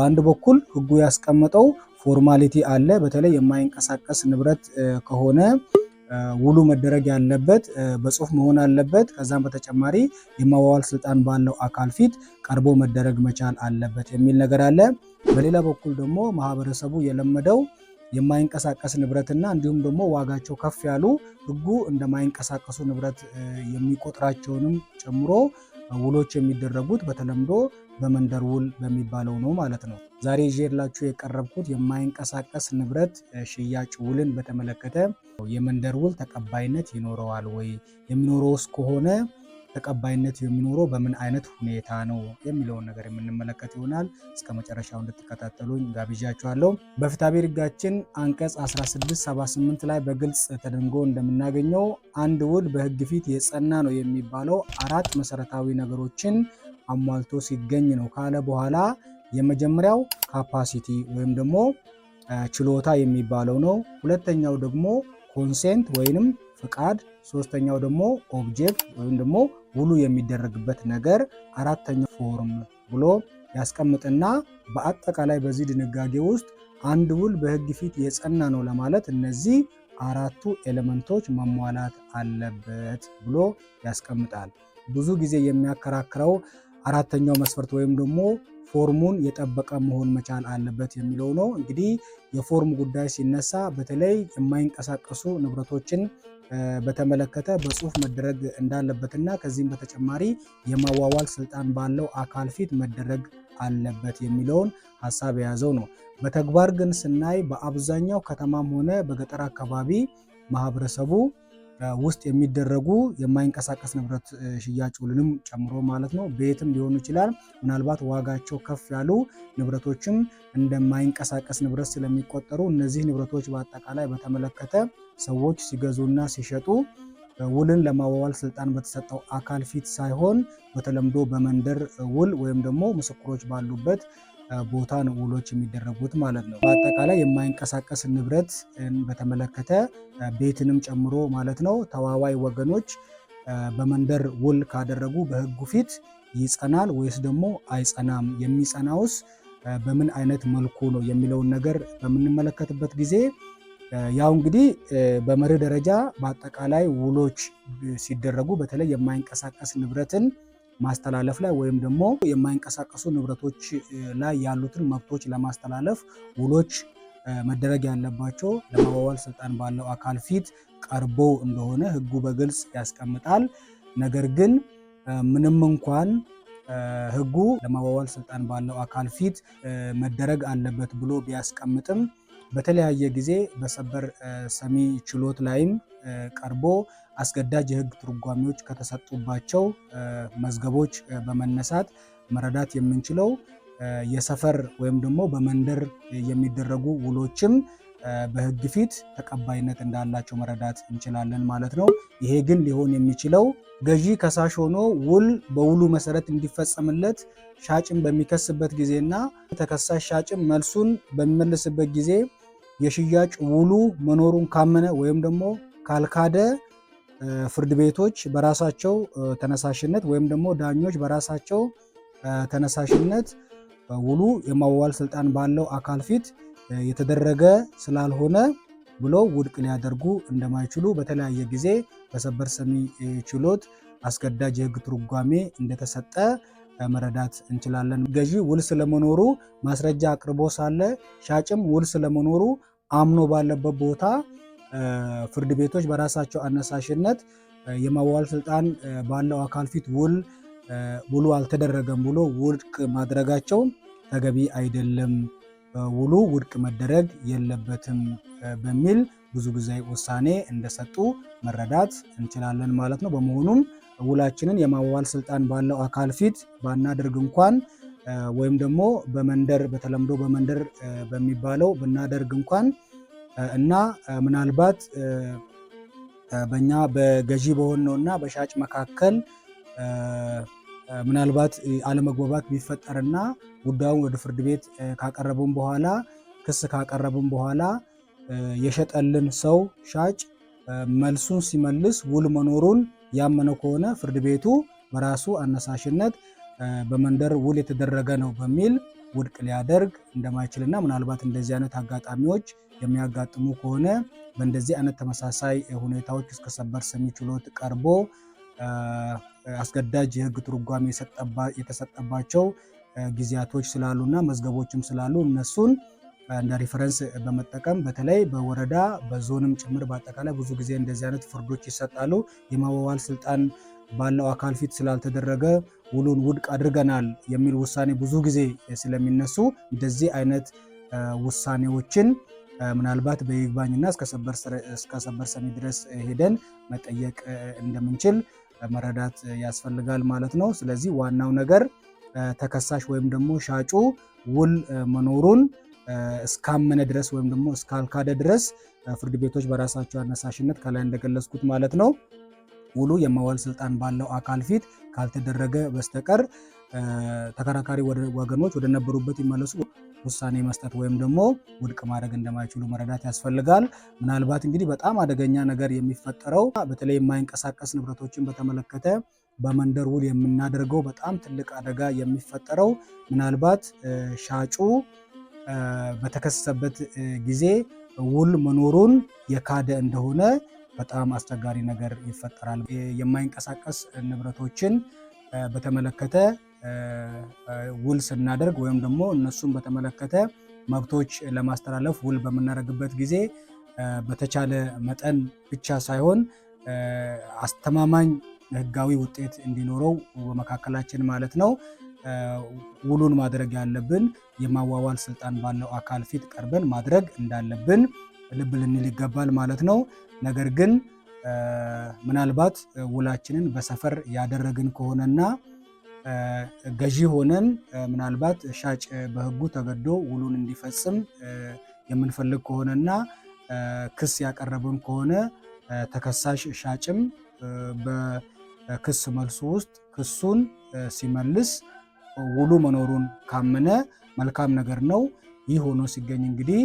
በአንድ በኩል ህጉ ያስቀመጠው ፎርማሊቲ አለ። በተለይ የማይንቀሳቀስ ንብረት ከሆነ ውሉ መደረግ ያለበት በጽሁፍ መሆን አለበት። ከዛም በተጨማሪ የማዋዋል ስልጣን ባለው አካል ፊት ቀርቦ መደረግ መቻል አለበት የሚል ነገር አለ። በሌላ በኩል ደግሞ ማህበረሰቡ የለመደው የማይንቀሳቀስ ንብረትና እንዲሁም ደግሞ ዋጋቸው ከፍ ያሉ ህጉ እንደማይንቀሳቀሱ ንብረት የሚቆጥራቸውንም ጨምሮ ውሎች የሚደረጉት በተለምዶ በመንደር ውል በሚባለው ነው ማለት ነው። ዛሬ ይዤላችሁ የቀረብኩት የማይንቀሳቀስ ንብረት ሽያጭ ውልን በተመለከተ የመንደር ውል ተቀባይነት ይኖረዋል ወይ? የሚኖረውስ ከሆነ ተቀባይነት የሚኖረው በምን አይነት ሁኔታ ነው የሚለውን ነገር የምንመለከት ይሆናል። እስከ መጨረሻው እንድትከታተሉኝ ጋብዣችኋለሁ። በፍትሐብሔር ሕጋችን አንቀጽ 1678 ላይ በግልጽ ተደንጎ እንደምናገኘው አንድ ውል በሕግ ፊት የጸና ነው የሚባለው አራት መሰረታዊ ነገሮችን አሟልቶ ሲገኝ ነው ካለ በኋላ የመጀመሪያው ካፓሲቲ ወይም ደግሞ ችሎታ የሚባለው ነው። ሁለተኛው ደግሞ ኮንሴንት ወይንም ፍቃድ፣ ሶስተኛው ደግሞ ኦብጀክት ወይም ደግሞ ውሉ የሚደረግበት ነገር፣ አራተኛው ፎርም ብሎ ያስቀምጥና በአጠቃላይ በዚህ ድንጋጌ ውስጥ አንድ ውል በህግ ፊት የጸና ነው ለማለት እነዚህ አራቱ ኤሌመንቶች መሟላት አለበት ብሎ ያስቀምጣል። ብዙ ጊዜ የሚያከራክረው አራተኛው መስፈርት ወይም ደግሞ ፎርሙን የጠበቀ መሆን መቻል አለበት የሚለው ነው። እንግዲህ የፎርም ጉዳይ ሲነሳ በተለይ የማይንቀሳቀሱ ንብረቶችን በተመለከተ በጽሁፍ መደረግ እንዳለበትና ከዚህም በተጨማሪ የማዋዋል ስልጣን ባለው አካል ፊት መደረግ አለበት የሚለውን ሀሳብ የያዘው ነው። በተግባር ግን ስናይ በአብዛኛው ከተማም ሆነ በገጠር አካባቢ ማህበረሰቡ ውስጥ የሚደረጉ የማይንቀሳቀስ ንብረት ሽያጭ ውልንም ጨምሮ ማለት ነው። ቤትም ሊሆኑ ይችላል። ምናልባት ዋጋቸው ከፍ ያሉ ንብረቶችም እንደማይንቀሳቀስ ንብረት ስለሚቆጠሩ እነዚህ ንብረቶች በአጠቃላይ በተመለከተ ሰዎች ሲገዙና ሲሸጡ ውልን ለማዋዋል ስልጣን በተሰጠው አካል ፊት ሳይሆን በተለምዶ በመንደር ውል ወይም ደግሞ ምስክሮች ባሉበት ቦታ ነው ውሎች የሚደረጉት ማለት ነው። በአጠቃላይ የማይንቀሳቀስ ንብረት በተመለከተ ቤትንም ጨምሮ ማለት ነው ተዋዋይ ወገኖች በመንደር ውል ካደረጉ በህጉ ፊት ይጸናል ወይስ ደግሞ አይጸናም፣ የሚጸናውስ በምን አይነት መልኩ ነው የሚለውን ነገር በምንመለከትበት ጊዜ ያው እንግዲህ በመርህ ደረጃ በአጠቃላይ ውሎች ሲደረጉ በተለይ የማይንቀሳቀስ ንብረትን ማስተላለፍ ላይ ወይም ደግሞ የማይንቀሳቀሱ ንብረቶች ላይ ያሉትን መብቶች ለማስተላለፍ ውሎች መደረግ ያለባቸው ለማዋዋል ስልጣን ባለው አካል ፊት ቀርቦ እንደሆነ ህጉ በግልጽ ያስቀምጣል። ነገር ግን ምንም እንኳን ህጉ ለማዋዋል ስልጣን ባለው አካል ፊት መደረግ አለበት ብሎ ቢያስቀምጥም በተለያየ ጊዜ በሰበር ሰሚ ችሎት ላይም ቀርቦ አስገዳጅ የህግ ትርጓሜዎች ከተሰጡባቸው መዝገቦች በመነሳት መረዳት የምንችለው የሰፈር ወይም ደግሞ በመንደር የሚደረጉ ውሎችም በህግ ፊት ተቀባይነት እንዳላቸው መረዳት እንችላለን ማለት ነው። ይሄ ግን ሊሆን የሚችለው ገዢ ከሳሽ ሆኖ ውል በውሉ መሰረት እንዲፈጸምለት ሻጭን በሚከስበት ጊዜና ተከሳሽ ሻጭም መልሱን በሚመልስበት ጊዜ የሽያጭ ውሉ መኖሩን ካመነ ወይም ደግሞ ካልካደ ፍርድ ቤቶች በራሳቸው ተነሳሽነት ወይም ደግሞ ዳኞች በራሳቸው ተነሳሽነት ውሉ የማዋዋል ስልጣን ባለው አካል ፊት የተደረገ ስላልሆነ ብለው ውድቅ ሊያደርጉ እንደማይችሉ በተለያየ ጊዜ በሰበር ሰሚ ችሎት አስገዳጅ የሕግ ትርጓሜ እንደተሰጠ መረዳት እንችላለን። ገዢ ውል ስለመኖሩ ማስረጃ አቅርቦ ሳለ ሻጭም ውል ስለመኖሩ አምኖ ባለበት ቦታ ፍርድ ቤቶች በራሳቸው አነሳሽነት የማዋል ስልጣን ባለው አካል ፊት ውል ውሉ አልተደረገም ብሎ ውድቅ ማድረጋቸው ተገቢ አይደለም፣ ውሉ ውድቅ መደረግ የለበትም በሚል ብዙ ጊዜ ውሳኔ እንደሰጡ መረዳት እንችላለን ማለት ነው። በመሆኑም ውላችንን የማዋዋል ስልጣን ባለው አካል ፊት ባናደርግ እንኳን ወይም ደግሞ በመንደር በተለምዶ በመንደር በሚባለው ብናደርግ እንኳን እና ምናልባት በእኛ በገዢ ነው እና በሻጭ መካከል ምናልባት አለመግባባት ቢፈጠርና ጉዳዩን ወደ ፍርድ ቤት ካቀረቡም በኋላ ክስ ካቀረቡም በኋላ የሸጠልን ሰው ሻጭ መልሱን ሲመልስ ውል መኖሩን ያመነ ከሆነ ፍርድ ቤቱ በራሱ አነሳሽነት በመንደር ውል የተደረገ ነው በሚል ውድቅ ሊያደርግ እንደማይችልና ምናልባት እንደዚህ አይነት አጋጣሚዎች የሚያጋጥሙ ከሆነ በእንደዚህ አይነት ተመሳሳይ ሁኔታዎች እስከ ሰበር ሰሚ ችሎት ቀርቦ አስገዳጅ የሕግ ትርጓሜ የተሰጠባቸው ጊዜያቶች ስላሉና መዝገቦችም ስላሉ እነሱን እንደ ሪፈረንስ በመጠቀም በተለይ በወረዳ በዞንም ጭምር በአጠቃላይ ብዙ ጊዜ እንደዚህ አይነት ፍርዶች ይሰጣሉ። የማዋዋል ስልጣን ባለው አካል ፊት ስላልተደረገ ውሉን ውድቅ አድርገናል የሚል ውሳኔ ብዙ ጊዜ ስለሚነሱ እንደዚህ አይነት ውሳኔዎችን ምናልባት በይግባኝና እስከ ሰበር ሰሚ ድረስ ሄደን መጠየቅ እንደምንችል መረዳት ያስፈልጋል ማለት ነው። ስለዚህ ዋናው ነገር ተከሳሽ ወይም ደግሞ ሻጩ ውል መኖሩን እስካመነ ድረስ ወይም ደግሞ እስካልካደ ድረስ ፍርድ ቤቶች በራሳቸው አነሳሽነት ከላይ እንደገለጽኩት ማለት ነው ውሉ የመዋል ስልጣን ባለው አካል ፊት ካልተደረገ በስተቀር ተከራካሪ ወገኖች ወደ ነበሩበት ይመለሱ ውሳኔ መስጠት ወይም ደግሞ ውድቅ ማድረግ እንደማይችሉ መረዳት ያስፈልጋል። ምናልባት እንግዲህ በጣም አደገኛ ነገር የሚፈጠረው በተለይ የማይንቀሳቀስ ንብረቶችን በተመለከተ በመንደር ውል የምናደርገው በጣም ትልቅ አደጋ የሚፈጠረው ምናልባት ሻጩ በተከሰሰበት ጊዜ ውል መኖሩን የካደ እንደሆነ በጣም አስቸጋሪ ነገር ይፈጠራል። የማይንቀሳቀስ ንብረቶችን በተመለከተ ውል ስናደርግ ወይም ደግሞ እነሱን በተመለከተ መብቶች ለማስተላለፍ ውል በምናደርግበት ጊዜ በተቻለ መጠን ብቻ ሳይሆን አስተማማኝ ሕጋዊ ውጤት እንዲኖረው በመካከላችን ማለት ነው ውሉን ማድረግ ያለብን የማዋዋል ስልጣን ባለው አካል ፊት ቀርበን ማድረግ እንዳለብን ልብ ልንል ይገባል ማለት ነው። ነገር ግን ምናልባት ውላችንን በሰፈር ያደረግን ከሆነና ገዢ ሆነን ምናልባት ሻጭ በሕጉ ተገዶ ውሉን እንዲፈጽም የምንፈልግ ከሆነና ክስ ያቀረብን ከሆነ ተከሳሽ ሻጭም በክስ መልሱ ውስጥ ክሱን ሲመልስ ውሉ መኖሩን ካመነ መልካም ነገር ነው። ይህ ሆኖ ሲገኝ እንግዲህ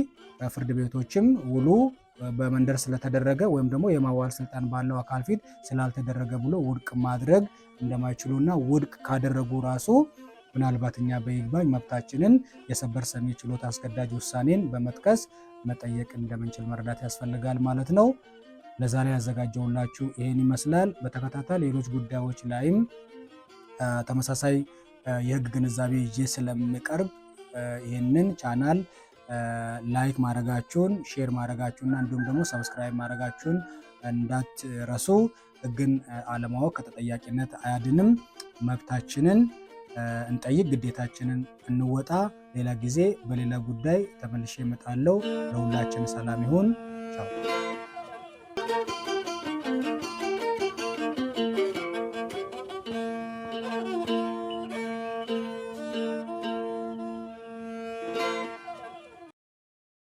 ፍርድ ቤቶችም ውሉ በመንደር ስለተደረገ ወይም ደግሞ የማዋል ስልጣን ባለው አካል ፊት ስላልተደረገ ብሎ ውድቅ ማድረግ እንደማይችሉና ውድቅ ካደረጉ ራሱ ምናልባት እኛ በይግባኝ መብታችንን የሰበር ሰሚ ችሎት አስገዳጅ ውሳኔን በመጥቀስ መጠየቅ እንደምንችል መረዳት ያስፈልጋል ማለት ነው። ለዛሬ ያዘጋጀውላችሁ ይሄን ይመስላል። በተከታታይ ሌሎች ጉዳዮች ላይም ተመሳሳይ የህግ ግንዛቤ ይዤ ስለምቀርብ ይህንን ቻናል ላይክ ማድረጋችሁን ሼር ማድረጋችሁና እንዲሁም ደግሞ ሰብስክራይብ ማድረጋችሁን እንዳትረሱ። ህግን አለማወቅ ከተጠያቂነት አያድንም። መብታችንን እንጠይቅ፣ ግዴታችንን እንወጣ። ሌላ ጊዜ በሌላ ጉዳይ ተመልሼ እመጣለሁ። ለሁላችን ሰላም ይሁን። ቻው